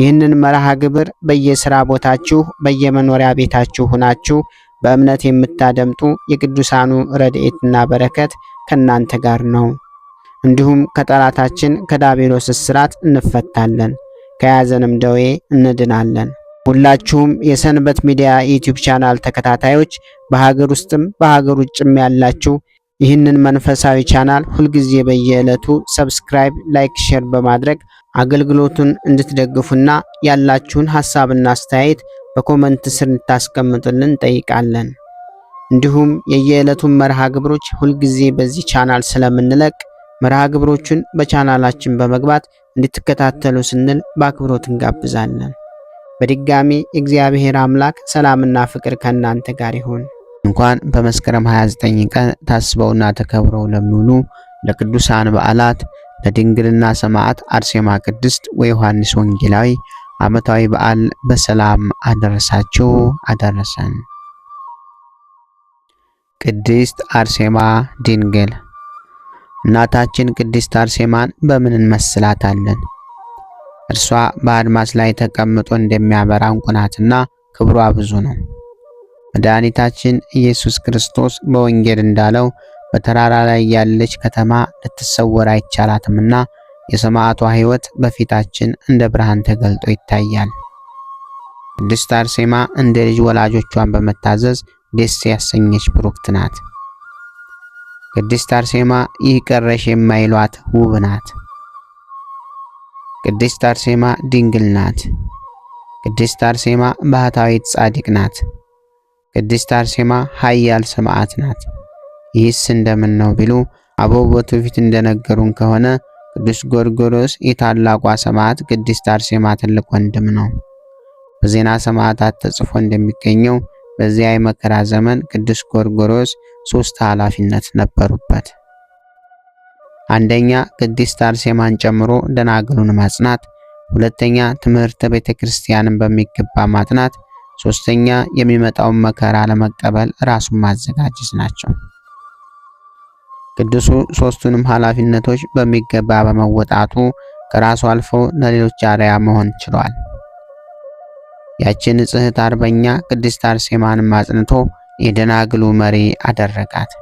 ይህንን መርሃ ግብር በየስራ ቦታችሁ በየመኖሪያ ቤታችሁ ሆናችሁ በእምነት የምታደምጡ የቅዱሳኑ ረድኤትና በረከት ከእናንተ ጋር ነው። እንዲሁም ከጠላታችን ከዲያብሎስ እስራት እንፈታለን፣ ከያዘንም ደዌ እንድናለን። ሁላችሁም የሰንበት ሚዲያ ዩቲዩብ ቻናል ተከታታዮች በሀገር ውስጥም በሀገር ውጭም ያላችሁ ይህንን መንፈሳዊ ቻናል ሁልጊዜ በየዕለቱ ሰብስክራይብ፣ ላይክ፣ ሼር በማድረግ አገልግሎቱን እንድትደግፉና ያላችሁን ሐሳብና አስተያየት በኮመንት ስር እንድታስቀምጡልን እንጠይቃለን። እንዲሁም የየዕለቱን መርሃ ግብሮች ሁልጊዜ በዚህ ቻናል ስለምንለቅ መርሃ ግብሮቹን በቻናላችን በመግባት እንድትከታተሉ ስንል በአክብሮት እንጋብዛለን። በድጋሚ እግዚአብሔር አምላክ ሰላምና ፍቅር ከእናንተ ጋር ይሁን። እንኳን በመስከረም 29 ቀን ታስበውና ተከብረው ለሚውሉ ለቅዱሳን በዓላት ለድንግልና ሰማዕት አርሴማ ቅድስት ወዮሐንስ ወንጌላዊ ዓመታዊ በዓል በሰላም አደረሳችሁ አደረሰን። ቅድስት አርሴማ ድንግል እናታችን ቅድስት አርሴማን በምን እንመስላታለን? እርሷ በአድማስ ላይ ተቀምጦ እንደሚያበራ ዕንቁ ናትና ክብሯ ብዙ ነው። መድኃኒታችን ኢየሱስ ክርስቶስ በወንጌል እንዳለው በተራራ ላይ ያለች ከተማ ልትሰወር አይቻላትምና የሰማዕቷ ሕይወት በፊታችን እንደ ብርሃን ተገልጦ ይታያል። ቅድስት አርሴማ እንደ ልጅ ወላጆቿን በመታዘዝ ደስ ያሰኘች ብሩክት ናት። ቅድስት አርሴማ ይህ ቀረሽ የማይሏት ውብ ናት። ቅድስት አርሴማ ድንግል ናት። ቅድስት አርሴማ ባህታዊት ጻድቅ ናት። ቅድስት አርሴማ ኃያል ሰማዕት ናት። ይህስ እንደምን ነው ቢሉ አበው ፊት እንደነገሩን ከሆነ ቅዱስ ጎርጎሮስ የታላቋ ሰማዕት ቅድስት አርሴማ ትልቅ ወንድም ነው። በዜና ሰማዕታት ተጽፎ እንደሚገኘው በዚያ የመከራ ዘመን ቅዱስ ጎርጎሮስ ሶስት ኃላፊነት ነበሩበት። አንደኛ ቅድስት አርሴማን ጨምሮ ደናግሉን ማጽናት፣ ሁለተኛ ትምህርተ ቤተ ክርስቲያንን በሚገባ ማጥናት፣ ሶስተኛ የሚመጣውን መከራ ለመቀበል ራሱን ማዘጋጀት ናቸው። ቅዱሱ ሶስቱንም ኃላፊነቶች በሚገባ በመወጣቱ ከራሱ አልፎ ለሌሎች አሪያ መሆን ችሏል። ያችን ንጽሕት አርበኛ ቅድስት አርሴማንም አጽንቶ የደናግሉ መሪ አደረጋት።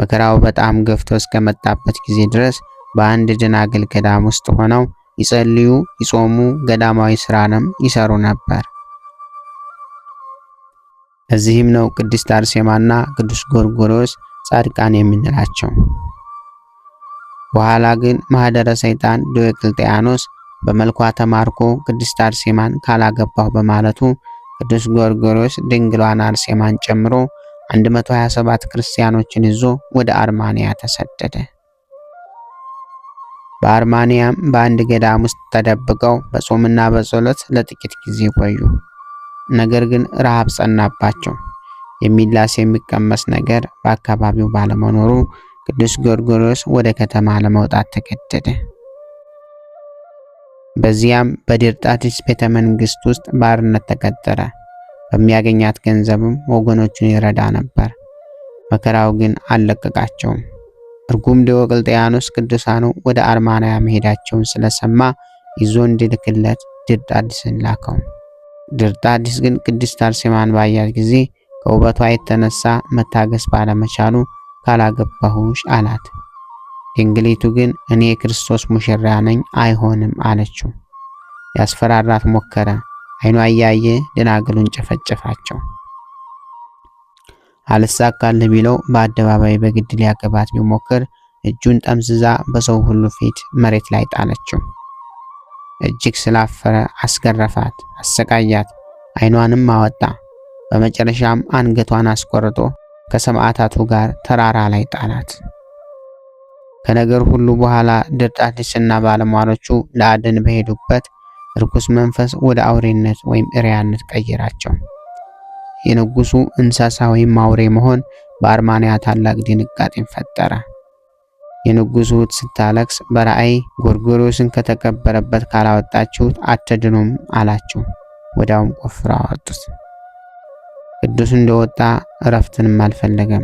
መከራው በጣም ገፍቶ እስከመጣበት ጊዜ ድረስ በአንድ ደናግል ገዳም ውስጥ ሆነው ይጸልዩ፣ ይጾሙ፣ ገዳማዊ ስራንም ይሰሩ ነበር። እዚህም ነው ቅድስት አርሴማና ቅዱስ ጎርጎሮስ ጻድቃን የምንላቸው። በኋላ ግን ማህደረ ሰይጣን ዲዮቅልጥያኖስ በመልኳ ተማርኮ ቅድስት አርሴማን ካላገባሁ በማለቱ ቅዱስ ጎርጎርዮስ ድንግሏን አርሴማን ጨምሮ 127 ክርስቲያኖችን ይዞ ወደ አርማንያ ተሰደደ። በአርማንያም በአንድ ገዳም ውስጥ ተደብቀው በጾምና በጸሎት ለጥቂት ጊዜ ቆዩ። ነገር ግን ረሃብ ጸናባቸው። የሚላስ የሚቀመስ ነገር በአካባቢው ባለመኖሩ ቅዱስ ጎርጎሮስ ወደ ከተማ ለመውጣት ተገደደ። በዚያም በዲርጣድስ ቤተ መንግሥት ውስጥ ባርነት ተቀጠረ። በሚያገኛት ገንዘብም ወገኖቹን ይረዳ ነበር። መከራው ግን አልለቀቃቸውም። እርጉም ዲዮቅልጥያኖስ ቅዱሳኑ ወደ አርማናያ መሄዳቸውን ስለሰማ ይዞ እንዲልክለት ድርጣዲስን ላከው። ድርጣዲስ ግን ቅድስት አርሴማን ባያት ጊዜ ከውበቷ የተነሳ መታገስ ባለመቻሉ ካላገባሁሽ አላት። ድንግሊቱ ግን እኔ የክርስቶስ ሙሽራ ነኝ አይሆንም አለችው። ያስፈራራት ሞከረ። አይኗ እያየ ደናግሉን ጨፈጨፋቸው። አልሳካልህ ቢለው በአደባባይ በግድ ሊያገባት ቢሞክር እጁን ጠምዝዛ በሰው ሁሉ ፊት መሬት ላይ ጣለችው። እጅግ ስላፈረ አስገረፋት፣ አሰቃያት፣ አይኗንም አወጣ። በመጨረሻም አንገቷን አስቆርጦ ከሰማዕታቱ ጋር ተራራ ላይ ጣላት። ከነገር ሁሉ በኋላ ድርጣድስና ባለሟሎቹ ለአድን በሄዱበት እርኩስ መንፈስ ወደ አውሬነት ወይም እሪያነት ቀየራቸው። የንጉሱ እንስሳ ወይም አውሬ መሆን በአርማንያ ታላቅ ድንጋጤን ፈጠረ። የንጉሱ ስታለክስ ስታለቅስ በራእይ ጎርጎሪዎስን ከተቀበረበት ካላወጣችሁት አትድኑም አላቸው። ወዲያውም ቆፍረው አወጡት። ቅዱስ እንደወጣ እረፍትንም አልፈለገም።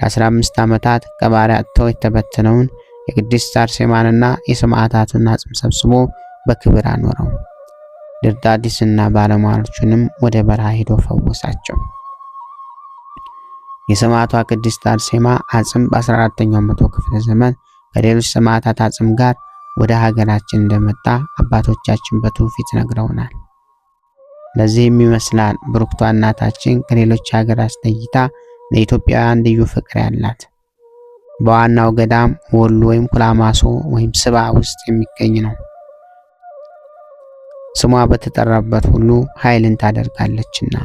ለ15 ዓመታት ከባሪያ አጥተው የተበተነውን የቅድስት አርሴማንና የሰማዕታትን አጽም ሰብስቦ በክብር አኖረው። ድርዳዲስና ባለሟሎቹንም ወደ በረሃ ሄዶ ፈወሳቸው። የሰማዕቷ ቅድስት አርሴማ አጽም በ14ኛው መቶ ክፍለ ዘመን ከሌሎች ሰማዕታት አጽም ጋር ወደ ሀገራችን እንደመጣ አባቶቻችን በትውፊት ነግረውናል። ለዚህም ይመስላል ብሩክቷ እናታችን ከሌሎች ሀገር አስለይታ ለኢትዮጵያውያን ልዩ ፍቅር ያላት። በዋናው ገዳም ወሎ ወይም ኩላማሶ ወይም ስባ ውስጥ የሚገኝ ነው። ስሟ በተጠራበት ሁሉ ኃይልን ታደርጋለችና።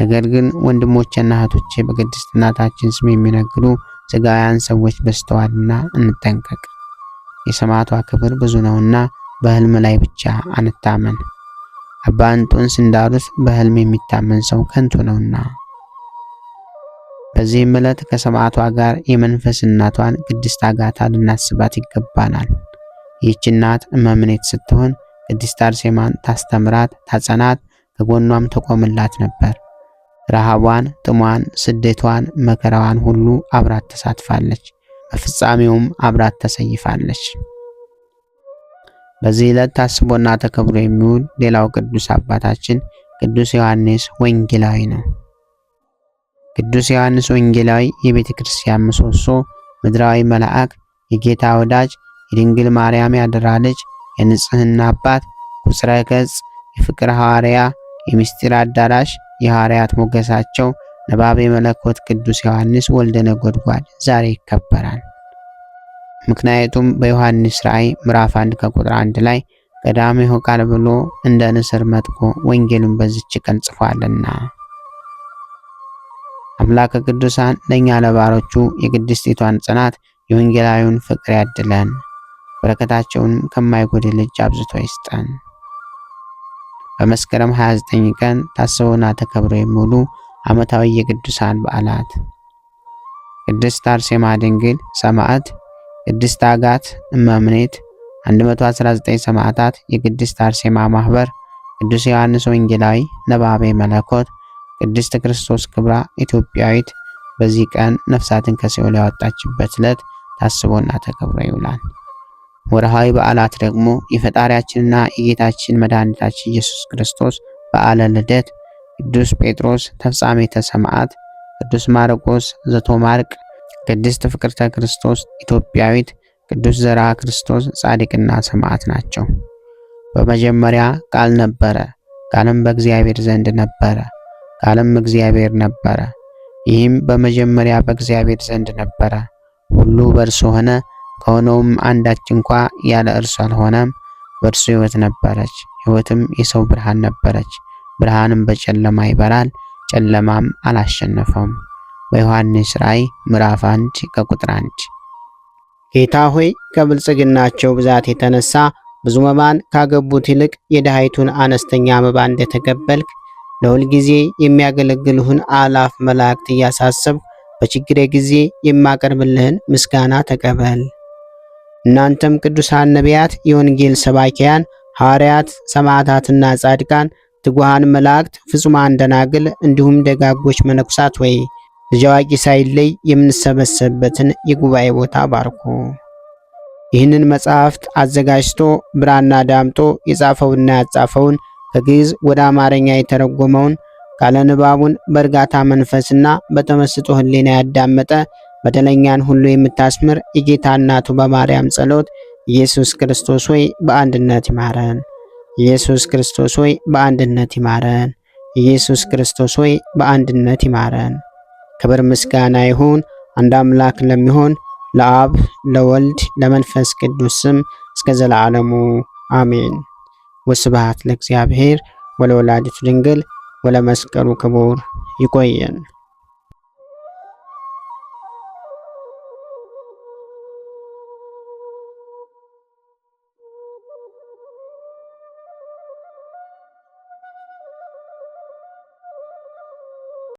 ነገር ግን ወንድሞቼና እህቶቼ በቅድስት እናታችን ስም የሚነግዱ ስጋውያን ሰዎች በስተዋልና እንጠንቀቅ። የሰማዕቷ ክብር ብዙ ነውና በህልም ላይ ብቻ አንታመን። አባ እንጦንስ እንዳሉት የሚታመን ሰው ከንቱ ነውና። በዚህም ዕለት ከሰማዕቷ ጋር የመንፈስ እናቷን ቅድስት አጋታ ልናስባት ይገባናል። ይህች እናት እመምኔት ስትሆን ቅድስት አርሴማን ታስተምራት፣ ታጸናት፣ ከጎኗም ተቆምላት ነበር። ረሃቧን፣ ጥሟን፣ ስደቷን፣ መከራዋን ሁሉ አብራት ተሳትፋለች። በፍጻሜውም አብራት ተሰይፋለች። በዚህ ዕለት ታስቦና ተከብሮ የሚውል ሌላው ቅዱስ አባታችን ቅዱስ ዮሐንስ ወንጌላዊ ነው። ቅዱስ ዮሐንስ ወንጌላዊ የቤተ ክርስቲያን ምሰሶ፣ ምድራዊ መልአክ፣ የጌታ ወዳጅ፣ የድንግል ማርያም ያደራ ልጅ፣ የንጽህና አባት፣ ቁጽረ ገጽ፣ የፍቅር ሐዋርያ፣ የምስጢር አዳራሽ፣ የሐዋርያት ሞገሳቸው፣ ነባቤ መለኮት ቅዱስ ዮሐንስ ወልደ ነጎድጓድ ዛሬ ይከበራል። ምክንያቱም በዮሐንስ ራእይ ምዕራፍ 1 ከቁጥር 1 ላይ ቀዳሚ ቃል ብሎ እንደ ንስር መጥቆ ወንጌልን በዚች ቀን ጽፏልና። አምላከ ቅዱሳን ለእኛ ለባሮቹ የቅድስቲቷን ጽናት የወንጌላዊውን ፍቅር ያድለን፣ በረከታቸውንም ከማይጎድል እጅ አብዝቶ ይስጠን። በመስከረም 29 ቀን ታስበውና ተከብረው የሚውሉ ዓመታዊ የቅዱሳን በዓላት፦ ቅድስት አርሴማ ድንግል ሰማዕት ቅድስት አጋት እመምኔት፣ 119 ሰማዕታት፣ የቅድስት አርሴማ ማህበር ቅዱስ ዮሐንስ ወንጌላዊ ነባቤ መለኮት፣ ቅድስት ክርስቶስ ክብራ ኢትዮጵያዊት። በዚህ ቀን ነፍሳትን ከሲኦል ያወጣችበት ዕለት ታስቦና ተከብሮ ይውላል። ወርሃዊ በዓላት ደግሞ የፈጣሪያችንና የጌታችን መድኃኒታችን ኢየሱስ ክርስቶስ በዓለ ልደት፣ ቅዱስ ጴጥሮስ ተፍጻሜተ ሰማዕት፣ ቅዱስ ማርቆስ ዘቶ ማርቅ ቅድስት ፍቅርተ ክርስቶስ ኢትዮጵያዊት፣ ቅዱስ ዘርዓ ክርስቶስ ጻድቅና ሰማዕት ናቸው። በመጀመሪያ ቃል ነበረ፣ ቃልም በእግዚአብሔር ዘንድ ነበረ፣ ቃልም እግዚአብሔር ነበረ። ይህም በመጀመሪያ በእግዚአብሔር ዘንድ ነበረ። ሁሉ በእርሱ ሆነ፣ ከሆነውም አንዳች እንኳ ያለ እርሱ አልሆነም። በእርሱ ሕይወት ነበረች፣ ሕይወትም የሰው ብርሃን ነበረች። ብርሃንም በጨለማ ይበራል፣ ጨለማም አላሸነፈውም። በዮሐንስ ራእይ ምዕራፍ 1 ከቁጥር 1። ጌታ ሆይ ከብልጽግናቸው ብዛት የተነሳ ብዙ መባን ካገቡት ይልቅ የድሃይቱን አነስተኛ መባ እንደተቀበልክ ለሁል ጊዜ የሚያገለግልሁን አላፍ መላእክት እያሳሰብ በችግሬ ጊዜ የማቀርብልህን ምስጋና ተቀበል። እናንተም ቅዱሳን ነቢያት፣ የወንጌል ሰባኪያን ሐዋርያት፣ ሰማዕታትና ጻድቃን፣ ትጉሃን መላእክት፣ ፍጹማን ደናግል እንዲሁም ደጋጎች መነኩሳት ወይ ልጅ አዋቂ ሳይለይ የምንሰበሰብበትን የጉባኤ ቦታ ባርኩ። ይህንን መጽሐፍት አዘጋጅቶ ብራና ዳምጦ የጻፈውና ያጻፈውን ከግዕዝ ወደ አማርኛ የተረጎመውን ቃለ ንባቡን በእርጋታ መንፈስና በተመስጦ ሕሊና ያዳመጠ በደለኛን ሁሉ የምታስምር የጌታ እናቱ በማርያም ጸሎት ኢየሱስ ክርስቶስ ሆይ በአንድነት ይማረን። ኢየሱስ ክርስቶስ ሆይ በአንድነት ይማረን። ኢየሱስ ክርስቶስ ሆይ በአንድነት ይማረን። ክብር ምስጋና ይሁን አንድ አምላክ ለሚሆን ለአብ ለወልድ ለመንፈስ ቅዱስ ስም እስከ ዘላለሙ አሜን። ወስብሐት ለእግዚአብሔር ወለወላዲቱ ድንግል ወለመስቀሉ ክቡር። ይቆየን።